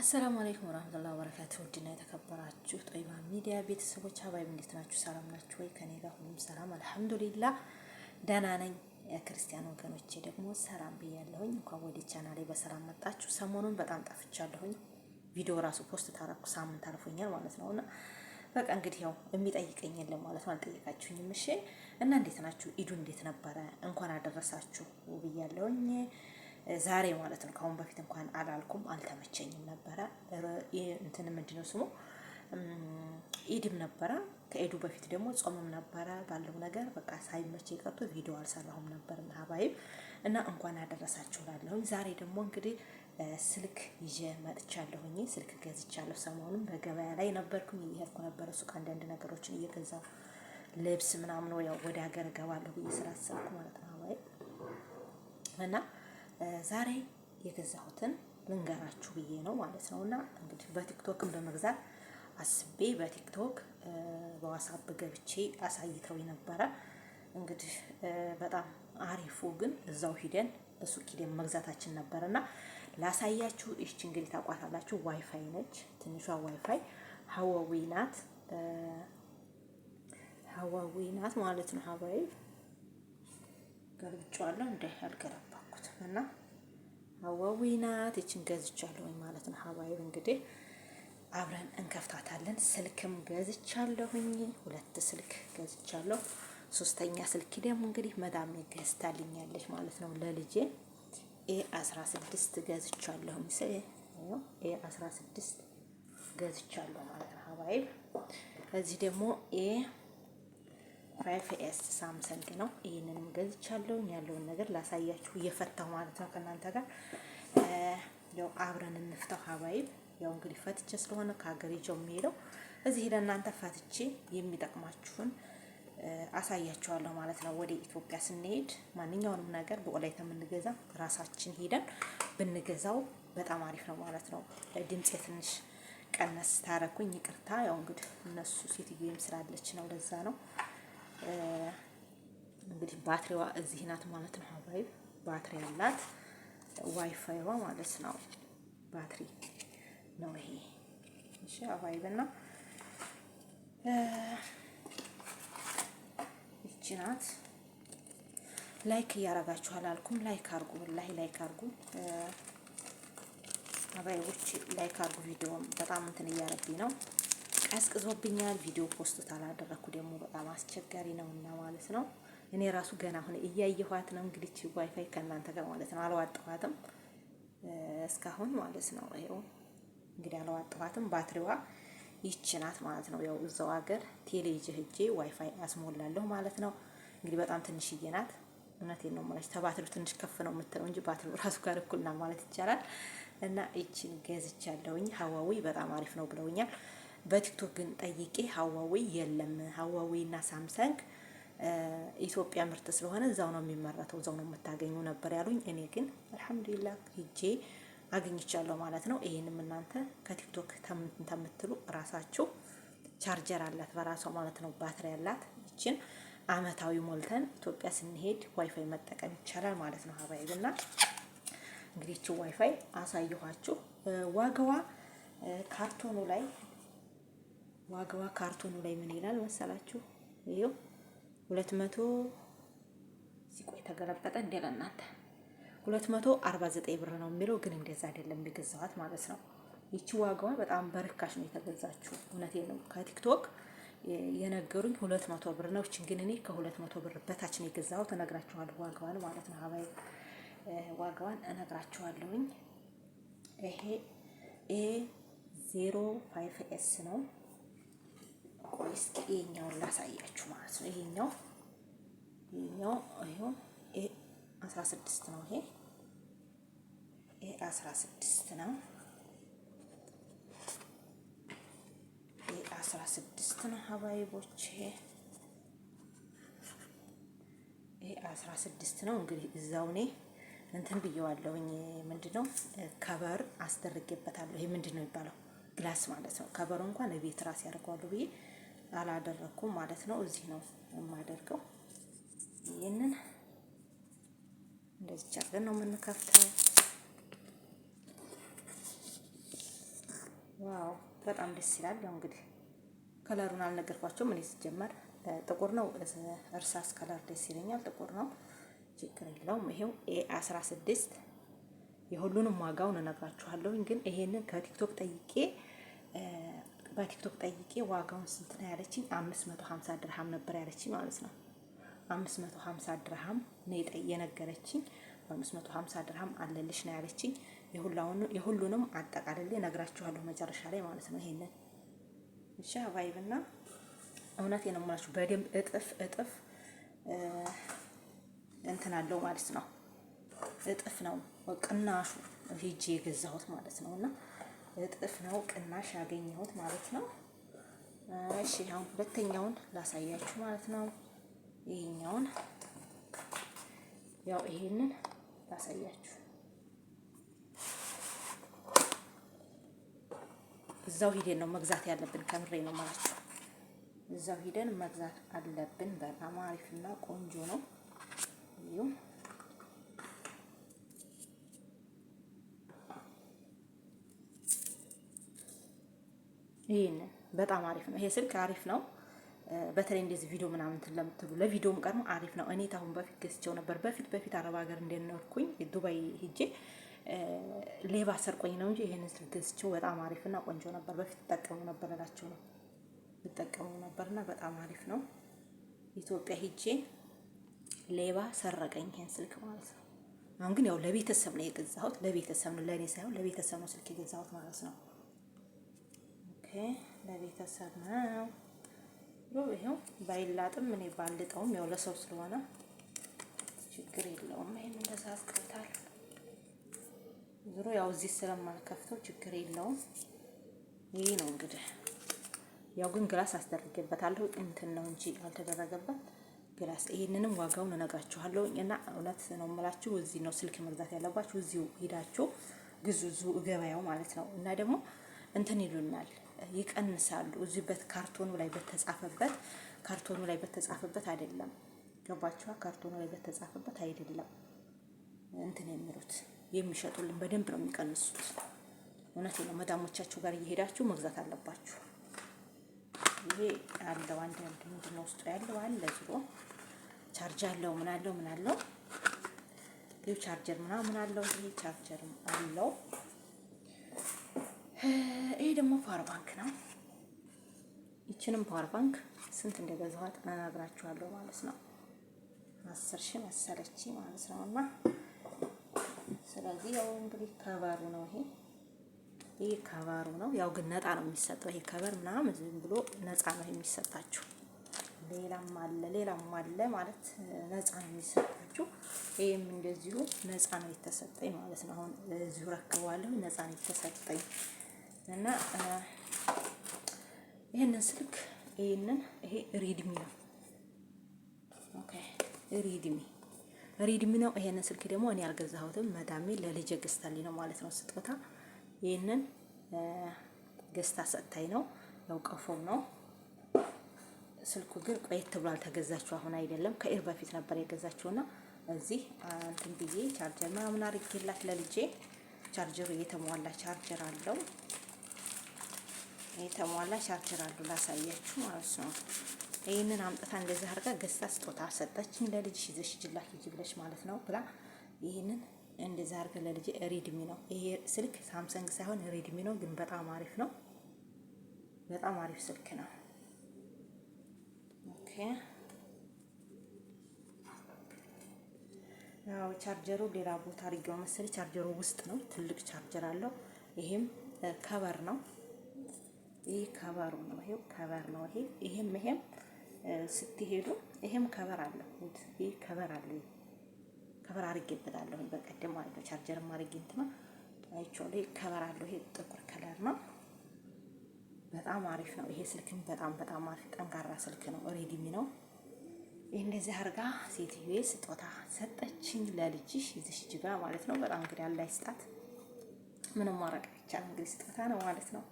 አሰላሙ አለይኩም ወራህመቱላሂ ወበረካቱ። ውድና የተከበራችሁ ጦይባ ሚዲያ ቤተሰቦች አባይ እንዴት ናችሁ? ሰላም ናችሁ ወይ? ከኔ ጋር ሁሉም ሰላም አልሐምዱሊላ፣ ደህና ነኝ። የክርስቲያን ወገኖቼ ደግሞ ሰላም ብያለሁኝ። እንኳን ወደ ቻናሌ በሰላም መጣችሁ። ሰሞኑን በጣም ጠፍቻለሁኝ። ቪዲዮ ራሱ ፖስት ታረኩ ሳምንት አልፎኛል ማለት ነው እና በቃ እንግዲህ ያው የሚጠይቀኝ የለም ማለት ነው። አልጠየቃችሁኝም። እሺ እና እንዴት ናችሁ? ኢዱ እንዴት ነበረ? እንኳን አደረሳችሁ ብያለሁኝ። ዛሬ ማለት ነው። ከአሁን በፊት እንኳን አላልኩም፣ አልተመቸኝም ነበረ። እንትን ምንድን ነው ስሙ ኢድም ነበረ። ከኢዱ በፊት ደግሞ ጾምም ነበረ። ባለው ነገር በቃ ሳይመቼ ቀርቶ ቪዲዮ አልሰራሁም ነበር ሀባይብ እና እንኳን አደረሳችሁ ላለሁኝ። ዛሬ ደግሞ እንግዲህ ስልክ ይዤ መጥቻለሁኝ። ስልክ ገዝቻለሁ። ሰሞኑን በገበያ ላይ ነበርኩኝ፣ እየሄድኩ ነበረ ሱቅ አንዳንድ ነገሮችን እየገዛሁ ልብስ ምናምን፣ ያው ወደ ሀገር እገባለሁ ብዬ ስላሰብኩ ማለት ነው ሀባይብ እና ዛሬ የገዛሁትን ልንገራችሁ ብዬ ነው ማለት ነው። እና እንግዲህ በቲክቶክን በመግዛት አስቤ በቲክቶክ በዋሳብ ገብቼ አሳይተው ነበረ። እንግዲህ በጣም አሪፉ ግን እዛው ሂደን እሱ ኪደን መግዛታችን ነበር እና ላሳያችሁ። ይች እንግዲህ ታቋታላችሁ፣ ዋይፋይ ነች። ትንሿ ዋይፋይ ሀዋዊ ናት፣ ሀዋዊ ናት ማለት ነው። ሀዋይ ገልብጫዋለሁ እንደ አልገረም እና አዋዊ ናት ይችን ገዝቻለሁ ማለት ነው። ሀባይብ እንግዲህ አብረን እንከፍታታለን። ስልክም ገዝቻለሁኝ ሁለት ስልክ ገዝቻለሁ። ሶስተኛ ስልክ ደግሞ እንግዲህ መዳም ገዝታልኛለች ማለት ነው። ለልጄ ኤ አስራ ስድስት ገዝቻለሁ ምስል ኤ አስራ ስድስት ገዝቻለሁ ማለት ነው። ሀባይብ እዚህ ደግሞ ኤ ራይፍ ኤስ ሳምሰንግ ነው። ይህንንም ገዝቻለሁ። ያለውን ነገር ላሳያችሁ እየፈታሁ ማለት ነው ከእናንተ ጋር ያው አብረን እንፍታው ሀባይብ። ያው እንግዲህ ፈትቼ ስለሆነ ከሀገር ይዤው የሚሄደው እዚህ ለእናንተ ፈትቼ የሚጠቅማችሁን አሳያችኋለሁ ማለት ነው። ወደ ኢትዮጵያ ስንሄድ ማንኛውንም ነገር በኦላይታ የምንገዛ ራሳችን ሄደን ብንገዛው በጣም አሪፍ ነው ማለት ነው። ድምፄ ትንሽ ቀነስ ታረኩኝ፣ ይቅርታ። ያው እንግዲህ እነሱ ሴትዮዬም ስላለች ነው፣ ለዛ ነው። እንግዲህ ባትሪዋ እዚህ ናት ማለት ነው። ሀባይብ ባትሪ ያላት ዋይፋይዋ ማለት ነው። ባትሪ ነው ይሄ። እሺ ሀባይብ እና ይቺ ናት። ላይክ እያረጋችሁ አላልኩም። ላይክ አርጉ፣ ወላሂ ላይክ አርጉ ሀባይቦች፣ ላይክ አርጉ። ቪዲዮም በጣም እንትን እያረጉኝ ነው። ቀዝቅዞብኛል። ቪዲዮ ፖስት ታላደረኩ ደግሞ በጣም አስቸጋሪ ነው እና ማለት ነው። እኔ ራሱ ገና አሁን እያየኋት ነው። እንግዲህ ዋይፋይ ከእናንተ ጋር ማለት ነው አላዋጣኋትም እስካሁን ማለት ነው። ይኸው እንግዲህ አላዋጣኋትም። ባትሪዋ ይቺ ማለት ነው። ያው እዛው ሀገር ቴሌጅ ህጄ ዋይፋይ አስሞላለሁ ማለት ነው። እንግዲህ በጣም ትንሽዬ ናት። እውነቴን ነው የማለች። ተባትሪው ትንሽ ከፍ ነው የምትለው እንጂ ባትሪው ራሱ ጋር እኩልና ማለት ይቻላል። እና ይቺን ገዝቻለሁኝ። ሀዋዊ በጣም አሪፍ ነው ብለውኛል። በቲክቶክ ግን ጠይቄ ሀዋዌ የለም። ሀዋዌ እና ሳምሰንግ ኢትዮጵያ ምርት ስለሆነ እዛው ነው የሚመረተው፣ እዛው ነው የምታገኙ ነበር ያሉኝ። እኔ ግን አልሐምዱሊላ ሂጄ አግኝቻለሁ ማለት ነው። ይህንም እናንተ ከቲክቶክ ተምትሉ ራሳችሁ ቻርጀር አላት በራሷ ማለት ነው፣ ባትሪ ያላት ይችን አመታዊ ሞልተን ኢትዮጵያ ስንሄድ ዋይፋይ መጠቀም ይቻላል ማለት ነው። ሀባይብ እና እንግዲህ ዋይፋይ አሳየኋችሁ። ዋጋዋ ካርቶኑ ላይ ዋጋዋ ካርቶኑ ላይ ምን ይላል መሰላችሁ? ይኸው ሁለት መቶ ሲቆይ ተገለበጠ እንደ ለእናንተ ሁለት መቶ አርባ ዘጠኝ ብር ነው የሚለው ግን እንደዛ አይደለም የገዛኋት ማለት ነው። ይቺ ዋጋዋ በጣም በርካሽ ነው የተገዛችሁ። እውነቴን ነው ከቲክቶክ የነገሩኝ ሁለት መቶ ብር ነው። እችን ግን እኔ ከሁለት መቶ ብር በታች ነው የገዛው። እነግራችኋለሁ ዋጋዋን ማለት ነው። ሀባይ ዋጋዋን እነግራችኋለሁኝ። ይሄ ኤ ዜሮ ፋይፍ ኤስ ነው። ቆይ እስኪ ይሄኛውን ላሳያችሁ ማለት ነው። ይሄኛው ይሄኛው ይሄው ይሄ 16 ነው። ይሄ ይሄ 16 ነው። ይሄ 16 ነው። ሀባይቦች ይሄ ይሄ 16 ነው። እንግዲህ እዛው እኔ እንትን ብየዋለሁኝ። ምንድነው ከበር አስደርጌበታለሁ። ይሄ ምንድነው የሚባለው ግላስ ማለት ነው። ከበሩ እንኳን እቤት ራስ ያደርገዋለሁ ብዬ አላደረኩም ማለት ነው። እዚህ ነው የማደርገው። ይህንን እንደዚህ አድርገን ነው የምንከፍተው። ዋው በጣም ደስ ይላል። ያው እንግዲህ ከለሩን አልነገርኳቸውም። እኔ ሲጀመር ጥቁር ነው እርሳስ ከለር ደስ ይለኛል። ጥቁር ነው ችግር የለውም። ይሄው ኤ 16 የሁሉንም ዋጋውን እነግራችኋለሁኝ። ግን ይሄንን ከቲክቶክ ጠይቄ በቲክቶክ ጠይቄ ዋጋውን ስንት ነው ያለችኝ፣ አምስት መቶ ሀምሳ ድርሃም ነበር ያለችኝ ማለት ነው። አምስት መቶ ሀምሳ ድርሃም ነው የነገረችኝ። በአምስት መቶ ሀምሳ ድርሃም አለልሽ ነው ያለችኝ። የሁሉንም አጠቃልል ነግራችኋለሁ መጨረሻ ላይ ማለት ነው። ይሄንን ብቻ ቫይብ እና እውነት ነው በደንብ እጥፍ እጥፍ እንትን አለው ማለት ነው። እጥፍ ነው ቅናሹ ሂጄ የገዛሁት ማለት ነው እና እጥፍ ነው ቅናሽ ያገኘሁት ማለት ነው። እሺ አሁን ሁለተኛውን ላሳያችሁ ማለት ነው። ይሄኛውን ያው ይሄንን ላሳያችሁ እዛው ሂደን ነው መግዛት ያለብን። ከምሬ ነው ማለት ነው። እዛው ሂደን መግዛት አለብን። በጣም አሪፍና ቆንጆ ነው። ይሄንን በጣም አሪፍ ነው። ይሄ ስልክ አሪፍ ነው። በተለይ እንደዚህ ቪዲዮ ምናምን እንትን ለምትሉ ለቪዲዮም ቀርሞ አሪፍ ነው። እኔ ታሁን በፊት ገዝቼው ነበር። በፊት በፊት አረብ ሀገር እንደኖርኩኝ ዱባይ ሂጄ ሌባ ሰርቆኝ ነው እንጂ ይሄንን ስልክ ገዝቼው በጣም አሪፍ እና ቆንጆ ነበር። በፊት ትጠቀሙ ነበር እላችሁ ነው ትጠቀሙ ነበርና በጣም አሪፍ ነው። ኢትዮጵያ ሂጄ ሌባ ሰረቀኝ ይሄን ስልክ ማለት ነው። አሁን ግን ያው ለቤተሰብ ነው የገዛሁት። ለቤተሰብ ነው ለእኔ ሳይሆን ለቤተሰብ ነው ስልክ የገዛሁት ማለት ነው። ይሄ ለቤተሰብ ነው። ይሄው ባይላጥም ምን ባልጠውም ያው ለሰው ስለሆነ ችግር የለውም። ይሄን እንደዛ አስቀምጣል። ዙሮ ያው እዚህ ስለማልከፍተው ችግር የለውም። ይሄ ነው እንግዲህ ያው ግን ግላስ አስደርጌበታለሁ እንትን ነው እንጂ አልተደረገበት ግላስ። ይሄንንም ዋጋውን እነግራችኋለሁ እና እውነት ነው የምላችሁ እዚህ ነው ስልክ መግዛት ያለባችሁ፣ እዚሁ ሄዳችሁ ግዙ፣ እዚሁ ገበያው ማለት ነው። እና ደግሞ እንትን ይሉናል ይቀንሳሉ። እዚህ በት ካርቶኑ ላይ በተጻፈበት ካርቶኑ ላይ በተጻፈበት አይደለም። ገባችኋ? ካርቶኑ ላይ በተጻፈበት አይደለም እንትን የሚሉት የሚሸጡልን በደንብ ነው የሚቀንሱት። እውነት ነው። መዳሞቻችሁ ጋር እየሄዳችሁ መግዛት አለባችሁ። ይሄ አለው አንድ አንድ ምንድን ነው ውስጡ ያለው አለ ዝሮ ቻርጅ አለው ምን አለው ምን አለው ይህ ቻርጀር ምናምን አለው ይሄ ቻርጀር አለው ደግሞ ፓወር ባንክ ነው። ይችንም ፓወር ባንክ ስንት እንደገዛኋት እነግራችኋለሁ ማለት ነው። አስር ሺህ መሰለች ማለት ነው። እና ስለዚህ ያው እንግዲህ ከበሩ ነው ይሄ ይሄ ከበሩ ነው። ያው ግን ነጣ ነው የሚሰጠው ይሄ ከበር ምናምን ዝም ብሎ ነፃ ነው የሚሰጣችሁ። ሌላም አለ ሌላም አለ ማለት ነፃ ነው የሚሰጣችሁ። ይሄም እንደዚሁ ነፃ ነው የተሰጠኝ ማለት ነው። አሁን እዚሁ ረክበዋለሁ። ነፃ ነው የተሰጠኝ። እና ይህንን ስልክ ይህንን ይሄ ሪድሚ ነው። ኦኬ ሪድሚ ሪድሚ ነው። ይሄንን ስልክ ደግሞ እኔ አልገዛሁትም፣ መዳሜ ለልጅ ገዝታልኝ ነው ማለት ነው። ስጦታ ይህንን ገዝታ ሰጥታኝ ነው። ያው ቀፎም ነው ስልኩ ግን ቆየት ብሎ አልተገዛችሁ፣ አሁን አይደለም ከኢር በፊት ነበር የገዛችሁና እዚህ እንትን ብዬ ቻርጀር ምናምን አድርጌላት ለልጄ ቻርጀሩ እየተሟላ ቻርጀር አለው። የተሟላ ቻርጀር አሉ ላሳያችሁ ማለት ነው። ይህንን አምጥታ እንደዚህ አድርጋ ገዝታ ስጦታ ሰጠችኝ። ለልጅ ይዘሽ ጅላት ልጅ ብለሽ ማለት ነው ብላ ይህንን እንደዚህ አድርጋ ለልጅ ሬድሚ ነው ይሄ ስልክ ሳምሰንግ ሳይሆን ሬድሚ ነው፣ ግን በጣም አሪፍ ነው። በጣም አሪፍ ስልክ ነው። ኦኬ ያው ቻርጀሩ ሌላ ቦታ አድርጌው መሰለኝ። ቻርጀሩ ውስጥ ነው፣ ትልቅ ቻርጀር አለው። ይሄም ከበር ነው ይህ ከበሩ ነው። ይሄው ከበር ነው። ይሄ ይሄም ይሄም ስትሄዱ ይሄም ከበር አለው። ይሄ ከበር አለው። ከበር አድርጌበታለሁ በቀደም ማለት ነው። ቻርጀርም አድርጌ እንትና አይቼዋለሁ። ይሄ ከበር አለ። ይሄ ጥቁር ከለር ነው። በጣም አሪፍ ነው። ይሄ ስልክም በጣም በጣም አሪፍ ጠንካራ ስልክ ነው። ሬድሚ ነው። ይህ እንደዚህ አድርጋ ሴትዮ ስጦታ ሰጠችኝ ለልጅሽ ይዘሽ ጅጋ ማለት ነው። በጣም እንግዲህ አላይ ስጣት ምንም ማረቅ አይቻልም። እንግዲህ ስጦታ ነው ማለት ነው።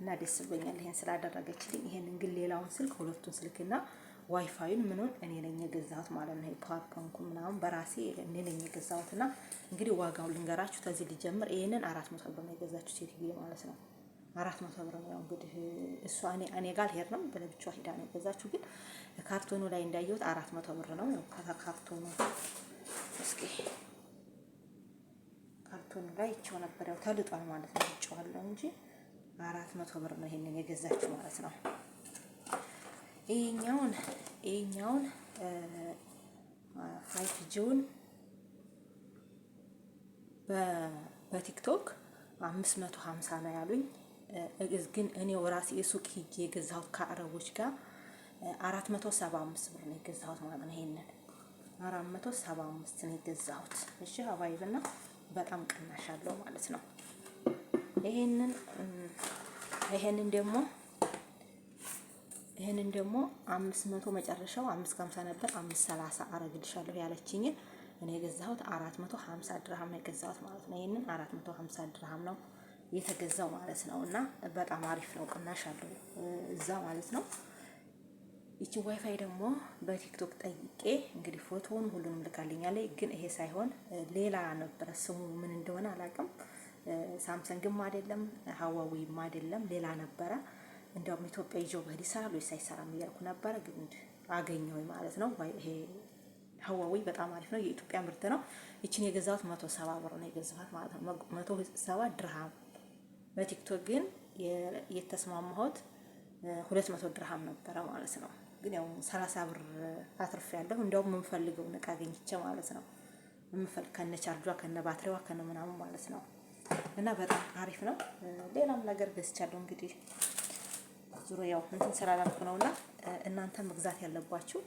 እና ደስ ብሎኛል ይሄን ስላደረገችልኝ። ይሄንን ግን ሌላውን ስልክ ሁለቱን ስልክና ዋይፋዩን ምኑን እኔ ነኝ የገዛሁት ማለት ነው። ፓወር ባንኩ ምናምን በራሴ እኔ ነኝ የገዛሁት እና እንግዲህ ዋጋው ልንገራችሁ። ተዚህ ሊጀምር ይሄንን አራት መቶ ብር ነው የገዛችሁ ሴትዬ ማለት ነው። አራት መቶ ብር ነው እንግዲህ እሷ እኔ እኔ ጋር ሄድ ነው በለብቻ ሂዳ ነው የገዛችሁ። ግን ካርቶኑ ላይ እንዳየሁት አራት መቶ ብር ነው ያው ካርቶኑ። እስኪ ካርቶኑ ላይ ይቸው ነበር ያው ተልጧል ማለት ነው። ይቸዋለሁ እንጂ አራት መቶ ብር ነው ይሄንን የገዛችው ማለት ነው። ይሄኛውን ይሄኛውን ፋይፍ ጂውን በቲክቶክ አምስት መቶ ሀምሳ ነው ያሉኝ። ግን እኔው ራሴ የሱቅ ሂጅ የገዛሁት ከአረቦች ጋር አራት መቶ ሰባ አምስት ብር ነው የገዛሁት ማለት ነው። ይሄንን አራት መቶ ሰባ አምስት ነው የገዛሁት። እሺ አባይብና በጣም ቅናሽ አለው ማለት ነው ይሄንን ይሄንን ደግሞ ይሄንን ደግሞ አምስት መቶ መጨረሻው አምስት ከሀምሳ ነበር አምስት ሰላሳ አረግልሻለሁ ያለችኝ እኔ የገዛሁት አራት መቶ ሀምሳ ድርሃም ነው የገዛሁት ማለት ነው። ይሄንን አራት መቶ ሀምሳ ድርሃም ነው የተገዛው ማለት ነው። እና በጣም አሪፍ ነው፣ ቅናሽ አለው እዛ ማለት ነው። ይቺ ዋይፋይ ደግሞ በቲክቶክ ጠይቄ እንግዲህ ፎቶውን ሁሉንም ልካልኛለች። ግን ይሄ ሳይሆን ሌላ ነበረ ስሙ ምን እንደሆነ አላውቅም። ሳምሰንግም አይደለም ሀዋዌም አይደለም ሌላ ነበረ። እንደውም ኢትዮጵያ ይዞ በዲሳ ሉስ አይሰራም እያልኩ ነበረ፣ ግን አገኘው ማለት ነው። ይሄ ሀዋዊ በጣም አሪፍ ነው፣ የኢትዮጵያ ምርት ነው። ይችን የገዛሁት መቶ ሰባ ብር ነው የገዛሁት ማለት ነው፣ መቶ ሰባ ድርሃም። በቲክቶክ ግን የተስማማሁት ሁለት መቶ ድርሃም ነበረ ማለት ነው። ግን ያው ሰላሳ ብር አትርፍ ያለሁ እንደውም የምፈልገውን እቃ አገኝቼ ማለት ነው። የምፈልግ ከነ ቻርጇ ከነ ባትሪዋ ከነ ምናምን ማለት ነው። እና በጣም አሪፍ ነው። ሌላም ነገር ገዝቻለሁ እንግዲህ ዙሮ ያው እንትን ስላላልኩ ነው እና እናንተ መግዛት ያለባችሁ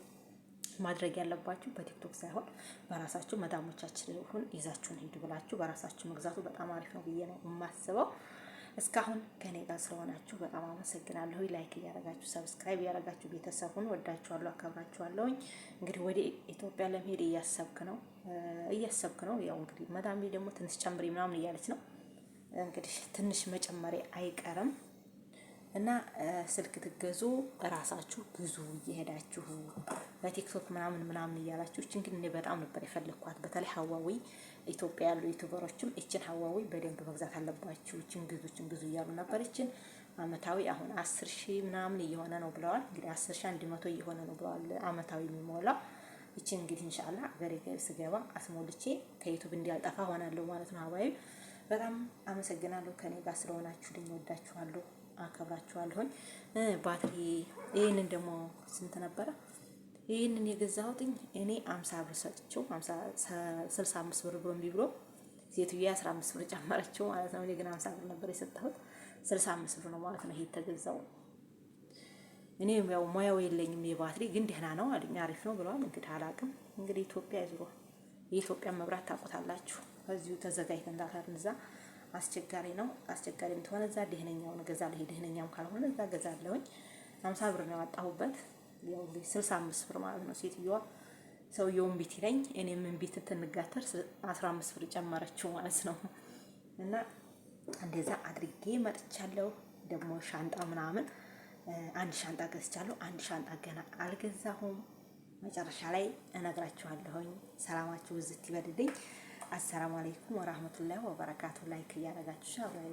ማድረግ ያለባችሁ በቲክቶክ ሳይሆን በራሳችሁ መዳሞቻችን ሁን ይዛችሁን ሂዱ ብላችሁ በራሳችሁ መግዛቱ በጣም አሪፍ ነው ብዬ ነው የማስበው። እስካሁን ከኔ ጋር ስለሆናችሁ በጣም አመሰግናለሁ። ላይክ እያረጋችሁ ሰብስክራይብ እያረጋችሁ ቤተሰቡን ወዳችኋለሁ፣ አከብራችኋለሁኝ። እንግዲህ ወደ ኢትዮጵያ ለመሄድ እያሰብክ ነው እያሰብክ ነው። ያው እንግዲህ መዳሜ ደግሞ ትንሽ ጨምሪ ምናምን እያለች ነው እንግዲህ ትንሽ መጨመሪያ አይቀርም እና ስልክ ትገዙ እራሳችሁ ግዙ እየሄዳችሁ በቲክቶክ ምናምን ምናምን እያላችሁ እችን ግን እኔ በጣም ነበር የፈለግኳት። በተለይ ሀዋዊ ኢትዮጵያ ያሉ ዩቱበሮችም እችን ሀዋዊ በደንብ መግዛት አለባችሁ፣ እችን ግዙ፣ እችን ግዙ እያሉ ነበር። እችን አመታዊ አሁን አስር ሺ ምናምን እየሆነ ነው ብለዋል። እንግዲህ አስር ሺ አንድ መቶ እየሆነ ነው ብለዋል አመታዊ የሚሞላው እችን እንግዲህ እንሻላ ገሬ ስገባ አስሞልቼ ከዩቱብ እንዲያልጠፋ ሆናለሁ ማለት ነው ሀዋዊ በጣም አመሰግናለሁ። ከኔ ጋር ስለሆናችሁ ልኝ ወዳችኋለሁ፣ አከብራችኋለሁኝ። ባትሪ ይህንን ደግሞ ስንት ነበረ? ይህንን የገዛሁትኝ እኔ አምሳ ብር ሰጥቼው ስልሳ አምስት ብር ብሎ እምቢ ብሎ ሴትዬ አስራ አምስት ብር ጨመረችው ማለት ነው። እኔ ግን አምሳ ብር ነበር የሰጠሁት፣ ስልሳ አምስት ብር ነው ማለት ነው ይሄ የተገዛው። እኔ ያው ሙያው የለኝም የባትሪ ግን ደህና ነው አሪፍ ነው ብለዋል። እንግዲህ አላቅም እንግዲህ ኢትዮጵያ ይዝሮ የኢትዮጵያን መብራት ታውቁታላችሁ። በዚሁ ተዘጋጅተን ዳታርን እንዛ አስቸጋሪ ነው። አስቸጋሪ ተሆነ እዛ ደህነኛውን እገዛለሁ። ደህነኛም ካልሆነ እዛ እገዛለሁኝ። ሀምሳ ብር ነው ያወጣሁበት። ያው እንግዲህ ስልሳ አምስት ብር ማለት ነው። ሴትዮዋ ሰውየውን ቢት ይለኝ እኔም ቤት ትንጋተር አስራ አምስት ብር ጨመረችው ማለት ነው። እና እንደዛ አድርጌ መጥቻለሁ። ደግሞ ሻንጣ ምናምን አንድ ሻንጣ ገዝቻለሁ። አንድ ሻንጣ ገና አልገዛሁም። መጨረሻ ላይ እነግራችኋለሁኝ። ሰላማችሁ ብዝት ይበልልኝ። አሰላሙ አለይኩም ወራህመቱላሂ ወበረካቱ። ላይክ እያደረጋችሁ ሻብራይ